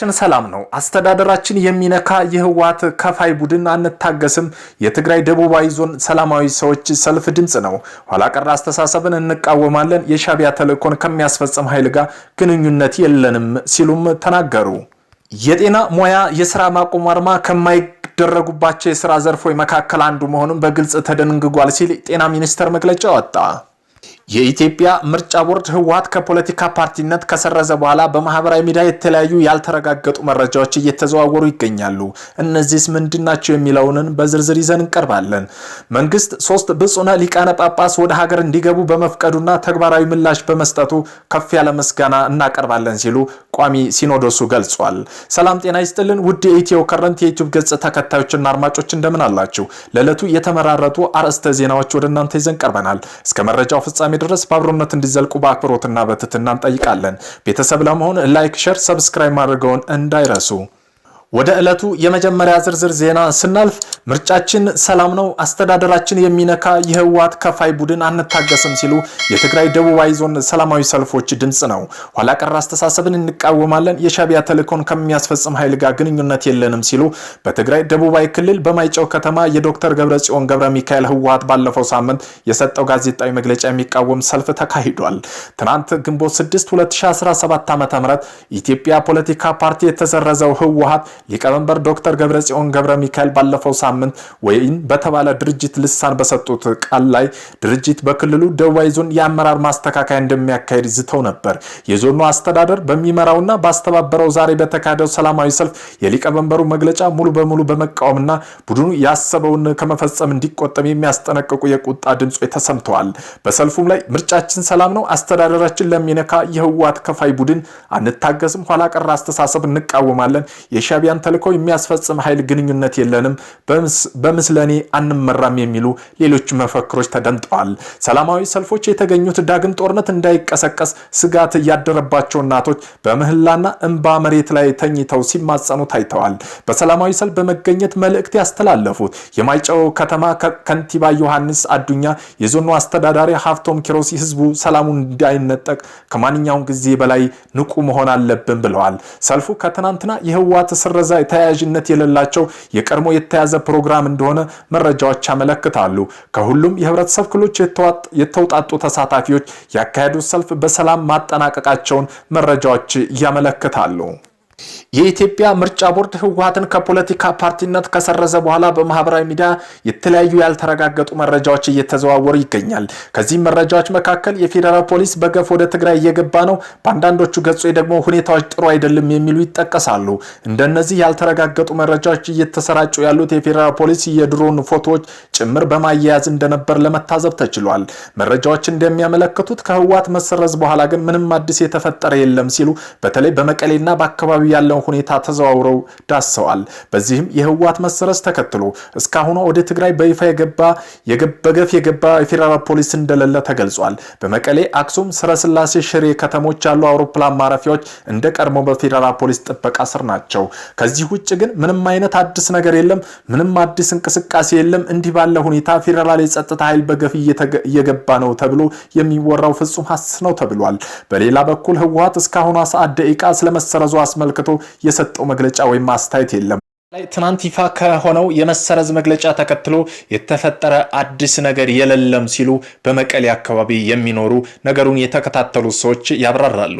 ጉዳያችን ሰላም ነው። አስተዳደራችን የሚነካ የህወሓት ከፋይ ቡድን አንታገስም። የትግራይ ደቡባዊ ዞን ሰላማዊ ሰዎች ሰልፍ ድምፅ ነው። ኋላቀር አስተሳሰብን እንቃወማለን። የሻቢያ ተልእኮን ከሚያስፈጽም ኃይል ጋር ግንኙነት የለንም ሲሉም ተናገሩ። የጤና ሙያ የስራ ማቆም ከማይ ከማይደረጉባቸው የስራ ዘርፎች መካከል አንዱ መሆኑን በግልጽ ተደንግጓል ሲል ጤና ሚኒስቴር መግለጫ ወጣ። የኢትዮጵያ ምርጫ ቦርድ ህወሀት ከፖለቲካ ፓርቲነት ከሰረዘ በኋላ በማህበራዊ ሚዲያ የተለያዩ ያልተረጋገጡ መረጃዎች እየተዘዋወሩ ይገኛሉ። እነዚህስ ምንድን ናቸው የሚለውንን በዝርዝር ይዘን እንቀርባለን። መንግስት ሶስት ብጹነ ሊቃነ ጳጳስ ወደ ሀገር እንዲገቡ በመፍቀዱና ተግባራዊ ምላሽ በመስጠቱ ከፍ ያለ ምስጋና እናቀርባለን ሲሉ ቋሚ ሲኖዶሱ ገልጿል። ሰላም ጤና ይስጥልን ውድ የኢትዮ ከረንት የዩቱብ ገጽ ተከታዮችና አድማጮች እንደምን አላችሁ? ለዕለቱ የተመራረጡ አርዕስተ ዜናዎች ወደ እናንተ ይዘን ቀርበናል። እስከ መረጃው ፍጻሜ ድረስ በአብሮነት እንዲዘልቁ በአክብሮትና በትትና እንጠይቃለን። ቤተሰብ ለመሆን ላይክ፣ ሸር፣ ሰብስክራይብ ማድረገውን እንዳይረሱ። ወደ ዕለቱ የመጀመሪያ ዝርዝር ዜና ስናልፍ ምርጫችን ሰላም ነው፣ አስተዳደራችን የሚነካ የህወሓት ከፋይ ቡድን አንታገስም ሲሉ የትግራይ ደቡባዊ ዞን ሰላማዊ ሰልፎች ድምፅ ነው። ኋላ ቀር አስተሳሰብን እንቃወማለን፣ የሻቢያ ተልዕኮን ከሚያስፈጽም ኃይል ጋር ግንኙነት የለንም ሲሉ በትግራይ ደቡባዊ ክልል በማይጨው ከተማ የዶክተር ገብረጽዮን ገብረ ሚካኤል ህወሓት ባለፈው ሳምንት የሰጠው ጋዜጣዊ መግለጫ የሚቃወም ሰልፍ ተካሂዷል። ትናንት ግንቦት 6 2017 ዓ ም ኢትዮጵያ ፖለቲካ ፓርቲ የተሰረዘው ህወሓት ሊቀመንበር ዶክተር ገብረጽዮን ገብረ ሚካኤል ባለፈው ሳምንት ወይን በተባለ ድርጅት ልሳን በሰጡት ቃል ላይ ድርጅት በክልሉ ደቡባዊ ዞን የአመራር ማስተካከያ እንደሚያካሄድ ዝተው ነበር። የዞኑ አስተዳደር በሚመራውና ባስተባበረው ዛሬ በተካሄደው ሰላማዊ ሰልፍ የሊቀመንበሩ መግለጫ ሙሉ በሙሉ በመቃወምና ቡድኑ ያሰበውን ከመፈጸም እንዲቆጠም የሚያስጠነቅቁ የቁጣ ድምጾች ተሰምተዋል። በሰልፉም ላይ ምርጫችን ሰላም ነው፣ አስተዳደራችን ለሚነካ የህወሓት ከፋይ ቡድን አንታገስም፣ ኋላ ቀር አስተሳሰብ እንቃወማለን፣ የሻዕቢያ የሻዕቢያን ተልእኮ የሚያስፈጽም ኃይል ግንኙነት የለንም፣ በምስለኔ አንመራም የሚሉ ሌሎች መፈክሮች ተደምጠዋል። ሰላማዊ ሰልፎች የተገኙት ዳግም ጦርነት እንዳይቀሰቀስ ስጋት ያደረባቸው እናቶች በምህላና እንባ መሬት ላይ ተኝተው ሲማጸኑ ታይተዋል። በሰላማዊ ሰልፍ በመገኘት መልእክት ያስተላለፉት የማይጨው ከተማ ከንቲባ ዮሐንስ አዱኛ፣ የዞኑ አስተዳዳሪ ሀፍቶም ኪሮሲ ህዝቡ ሰላሙን እንዳይነጠቅ ከማንኛውም ጊዜ በላይ ንቁ መሆን አለብን ብለዋል። ሰልፉ ከትናንትና የህወሓት ስር የተሰረዘ ተያያዥነት የሌላቸው የቀድሞ የተያዘ ፕሮግራም እንደሆነ መረጃዎች ያመለክታሉ። ከሁሉም የህብረተሰብ ክፍሎች የተውጣጡ ተሳታፊዎች ያካሄዱት ሰልፍ በሰላም ማጠናቀቃቸውን መረጃዎች ያመለክታሉ። የኢትዮጵያ ምርጫ ቦርድ ህወሀትን ከፖለቲካ ፓርቲነት ከሰረዘ በኋላ በማህበራዊ ሚዲያ የተለያዩ ያልተረጋገጡ መረጃዎች እየተዘዋወሩ ይገኛል። ከዚህም መረጃዎች መካከል የፌዴራል ፖሊስ በገፍ ወደ ትግራይ እየገባ ነው፣ በአንዳንዶቹ ገጾች ደግሞ ሁኔታዎች ጥሩ አይደለም የሚሉ ይጠቀሳሉ። እንደነዚህ ያልተረጋገጡ መረጃዎች እየተሰራጩ ያሉት የፌዴራል ፖሊስ የድሮን ፎቶዎች ጭምር በማያያዝ እንደነበር ለመታዘብ ተችሏል። መረጃዎች እንደሚያመለክቱት ከህወሀት መሰረዝ በኋላ ግን ምንም አዲስ የተፈጠረ የለም ሲሉ በተለይ በመቀሌና በአካባቢው ያለው ሁኔታ ተዘዋውረው ዳሰዋል። በዚህም የህወሓት መሰረዝ ተከትሎ እስካሁኗ ወደ ትግራይ በይፋ የገባ በገፍ የገባ የፌዴራል ፖሊስ እንደሌለ ተገልጿል። በመቀሌ፣ አክሱም፣ ስረስላሴ፣ ሽሬ ከተሞች ያሉ አውሮፕላን ማረፊያዎች እንደ ቀድሞ በፌዴራል ፖሊስ ጥበቃ ስር ናቸው። ከዚህ ውጭ ግን ምንም አይነት አዲስ ነገር የለም። ምንም አዲስ እንቅስቃሴ የለም። እንዲህ ባለ ሁኔታ ፌዴራል የጸጥታ ኃይል በገፍ እየገባ ነው ተብሎ የሚወራው ፍጹም ሀስ ነው ተብሏል። በሌላ በኩል ህወሓት እስካሁኗ ሰዓት ደቂቃ ስለመሰረዙ አስመልክቶ የሰጠው መግለጫ ወይም አስተያየት የለም። ላይ ትናንት ይፋ ከሆነው የመሰረዝ መግለጫ ተከትሎ የተፈጠረ አዲስ ነገር የሌለም ሲሉ በመቀሌ አካባቢ የሚኖሩ ነገሩን የተከታተሉ ሰዎች ያብራራሉ።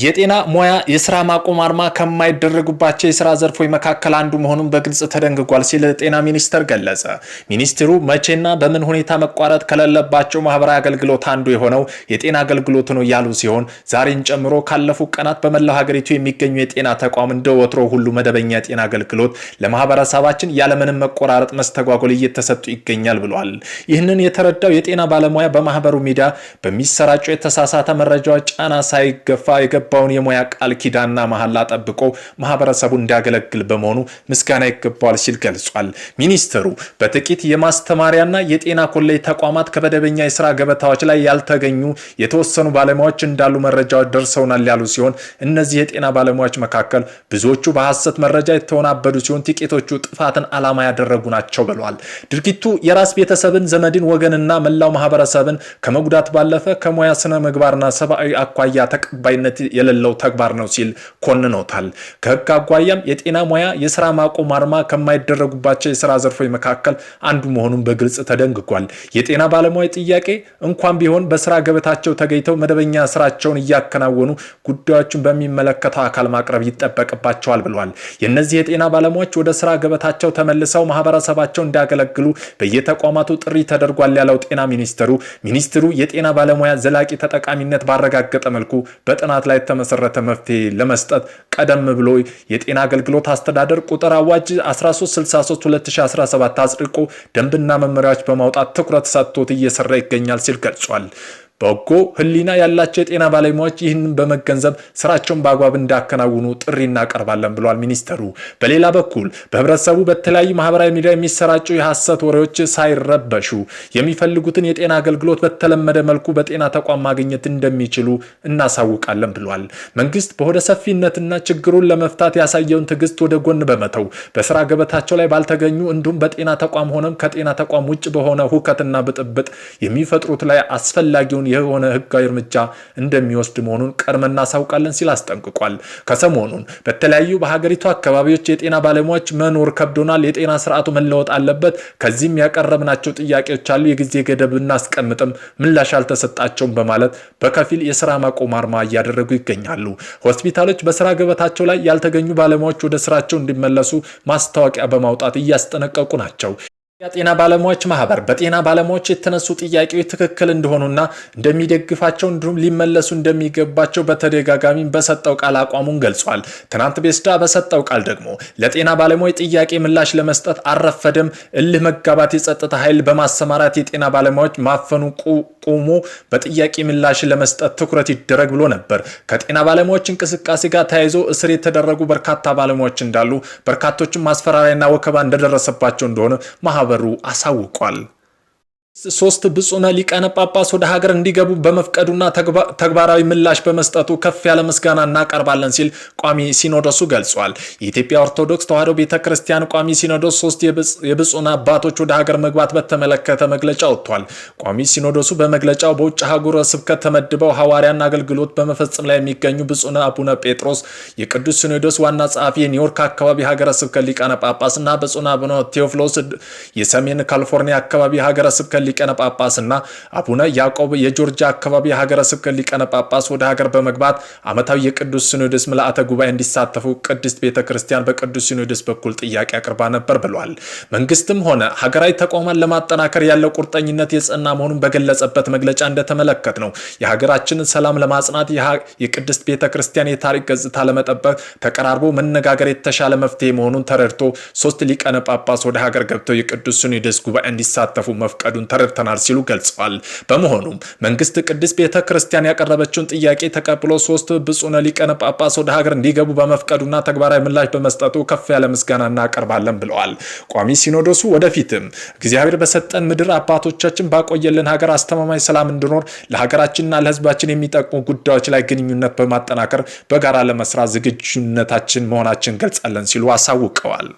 የጤና ሙያ የስራ ማቆም አርማ ከማይደረጉባቸው የስራ ዘርፎች መካከል አንዱ መሆኑን በግልጽ ተደንግጓል ሲል ጤና ሚኒስቴር ገለጸ። ሚኒስትሩ መቼና በምን ሁኔታ መቋረጥ ከሌለባቸው ማህበራዊ አገልግሎት አንዱ የሆነው የጤና አገልግሎት ነው ያሉ ሲሆን ዛሬን ጨምሮ ካለፉ ቀናት በመላው ሀገሪቱ የሚገኙ የጤና ተቋም እንደ ወትሮ ሁሉ መደበኛ የጤና አገልግሎት ለማህበረሰባችን ያለምንም መቆራረጥ መስተጓጎል እየተሰጡ ይገኛል ብሏል። ይህንን የተረዳው የጤና ባለሙያ በማህበሩ ሚዲያ በሚሰራጩ የተሳሳተ መረጃዎች ጫና ሳይገፋ የገባውን የሙያ ቃል ኪዳና መሐላ ጠብቆ ማህበረሰቡ እንዲያገለግል በመሆኑ ምስጋና ይገባዋል ሲል ገልጿል። ሚኒስትሩ በጥቂት የማስተማሪያና የጤና ኮሌጅ ተቋማት ከመደበኛ የስራ ገበታዎች ላይ ያልተገኙ የተወሰኑ ባለሙያዎች እንዳሉ መረጃዎች ደርሰውናል ያሉ ሲሆን እነዚህ የጤና ባለሙያዎች መካከል ብዙዎቹ በሐሰት መረጃ የተወናበዱ ሲሆን ጥቂቶቹ ጥፋትን ዓላማ ያደረጉ ናቸው ብለዋል። ድርጊቱ የራስ ቤተሰብን፣ ዘመድን፣ ወገንና መላው ማህበረሰብን ከመጉዳት ባለፈ ከሙያ ስነ ምግባርና ሰብአዊ አኳያ ተቀባይነት የሌለው ተግባር ነው ሲል ኮንኖታል። ከህግ አኳያም የጤና ሙያ የስራ ማቆም አድማ ከማይደረጉባቸው የስራ ዘርፎች መካከል አንዱ መሆኑን በግልጽ ተደንግጓል። የጤና ባለሙያ ጥያቄ እንኳን ቢሆን በስራ ገበታቸው ተገኝተው መደበኛ ስራቸውን እያከናወኑ ጉዳዮቹን በሚመለከተው አካል ማቅረብ ይጠበቅባቸዋል ብለል የእነዚህ የጤና ባለሙያዎች ወደ ስራ ገበታቸው ተመልሰው ማህበረሰባቸው እንዲያገለግሉ በየተቋማቱ ጥሪ ተደርጓል ያለው ጤና ሚኒስትሩ ሚኒስትሩ የጤና ባለሙያ ዘላቂ ተጠቃሚነት ባረጋገጠ መልኩ በጥናት ላይ የተመሰረተ መፍትሄ ለመስጠት ቀደም ብሎ የጤና አገልግሎት አስተዳደር ቁጥር አዋጅ 1363/2017 አጽድቆ ደንብና መመሪያዎች በማውጣት ትኩረት ሰጥቶት እየሰራ ይገኛል ሲል ገልጿል። በጎ ህሊና ያላቸው የጤና ባለሙያዎች ይህንን በመገንዘብ ስራቸውን በአግባብ እንዳያከናውኑ ጥሪ እናቀርባለን ብለዋል ሚኒስተሩ። በሌላ በኩል በህብረተሰቡ በተለያዩ ማህበራዊ ሚዲያ የሚሰራጩ የሐሰት ወሬዎች ሳይረበሹ የሚፈልጉትን የጤና አገልግሎት በተለመደ መልኩ በጤና ተቋም ማግኘት እንደሚችሉ እናሳውቃለን ብሏል። መንግስት በሆደ ሰፊነትና ችግሩን ለመፍታት ያሳየውን ትዕግስት ወደ ጎን በመተው በስራ ገበታቸው ላይ ባልተገኙ እንዲሁም በጤና ተቋም ሆነም ከጤና ተቋም ውጭ በሆነ ሁከትና ብጥብጥ የሚፈጥሩት ላይ አስፈላጊውን የሆነ ህጋዊ እርምጃ እንደሚወስድ መሆኑን ቀድመ እናሳውቃለን ሲል አስጠንቅቋል። ከሰሞኑን በተለያዩ በሀገሪቱ አካባቢዎች የጤና ባለሙያዎች መኖር ከብዶናል፣ የጤና ስርዓቱ መለወጥ አለበት፣ ከዚህም ያቀረብናቸው ጥያቄዎች አሉ፣ የጊዜ ገደብ እናስቀምጥም፣ ምላሽ አልተሰጣቸውም በማለት በከፊል የስራ ማቆም አርማ እያደረጉ ይገኛሉ። ሆስፒታሎች በስራ ገበታቸው ላይ ያልተገኙ ባለሙያዎች ወደ ስራቸው እንዲመለሱ ማስታወቂያ በማውጣት እያስጠነቀቁ ናቸው። የጤና ባለሙያዎች ማህበር በጤና ባለሙያዎች የተነሱ ጥያቄዎች ትክክል እንደሆኑና እንደሚደግፋቸው እንዲሁም ሊመለሱ እንደሚገባቸው በተደጋጋሚ በሰጠው ቃል አቋሙን ገልጿል። ትናንት ቤስዳ በሰጠው ቃል ደግሞ ለጤና ባለሙያ ጥያቄ ምላሽ ለመስጠት አረፈደም፣ እልህ መጋባት፣ የጸጥታ ኃይል በማሰማራት የጤና ባለሙያዎች ማፈኑ ቁሙ፣ በጥያቄ ምላሽ ለመስጠት ትኩረት ይደረግ ብሎ ነበር። ከጤና ባለሙያዎች እንቅስቃሴ ጋር ተያይዞ እስር የተደረጉ በርካታ ባለሙያዎች እንዳሉ፣ በርካቶችም ማስፈራሪያና ወከባ እንደደረሰባቸው እንደሆነ ማህበ ማህበሩ አሳውቋል። ሶስት ብፁነ ሊቃነ ጳጳስ ወደ ሀገር እንዲገቡ በመፍቀዱና ተግባራዊ ምላሽ በመስጠቱ ከፍ ያለ ምስጋና እናቀርባለን ሲል ቋሚ ሲኖዶሱ ገልጿል። የኢትዮጵያ ኦርቶዶክስ ተዋሕዶ ቤተ ክርስቲያን ቋሚ ሲኖዶስ ሶስት የብፁነ አባቶች ወደ ሀገር መግባት በተመለከተ መግለጫ ወጥቷል። ቋሚ ሲኖዶሱ በመግለጫው በውጭ ሀገረ ስብከት ተመድበው ሐዋርያና አገልግሎት በመፈጸም ላይ የሚገኙ ብፁነ አቡነ ጴጥሮስ የቅዱስ ሲኖዶስ ዋና ጸሐፊ፣ የኒውዮርክ አካባቢ ሀገረ ስብከት ሊቃነ ጳጳስ እና ብፁነ አቡነ ቴዎፍሎስ የሰሜን ካሊፎርኒያ አካባቢ ሀገረ ስብከት ስብከት ሊቀነ ጳጳስና አቡነ ያዕቆብ የጆርጂያ አካባቢ ሀገረ ስብከት ሊቀነ ጳጳስ ወደ ሀገር በመግባት ዓመታዊ የቅዱስ ሲኖዶስ ምልአተ ጉባኤ እንዲሳተፉ ቅድስት ቤተ ክርስቲያን በቅዱስ ሲኖዶስ በኩል ጥያቄ አቅርባ ነበር ብሏል። መንግስትም ሆነ ሀገራዊ ተቋማት ለማጠናከር ያለው ቁርጠኝነት የጸና መሆኑን በገለጸበት መግለጫ እንደተመለከት ነው የሀገራችንን ሰላም ለማጽናት የቅድስት ቤተ ክርስቲያን የታሪክ ገጽታ ለመጠበቅ ተቀራርቦ መነጋገር የተሻለ መፍትሄ መሆኑን ተረድቶ ሶስት ሊቀነ ጳጳስ ወደ ሀገር ገብተው የቅዱስ ሲኖዶስ ጉባኤ እንዲሳተፉ መፍቀዱን ተረድተናል ሲሉ ገልጸዋል። በመሆኑም መንግስት ቅድስት ቤተ ክርስቲያን ያቀረበችውን ጥያቄ ተቀብሎ ሶስት ብፁነ ሊቀነ ጳጳስ ወደ ሀገር እንዲገቡ በመፍቀዱና ተግባራዊ ምላሽ በመስጠቱ ከፍ ያለ ምስጋና እናቀርባለን ብለዋል። ቋሚ ሲኖዶሱ ወደፊትም እግዚአብሔር በሰጠን ምድር አባቶቻችን ባቆየልን ሀገር አስተማማኝ ሰላም እንዲኖር ለሀገራችንና ለህዝባችን የሚጠቅሙ ጉዳዮች ላይ ግንኙነት በማጠናከር በጋራ ለመስራት ዝግጁነታችን መሆናችን ገልጻለን ሲሉ አሳውቀዋል።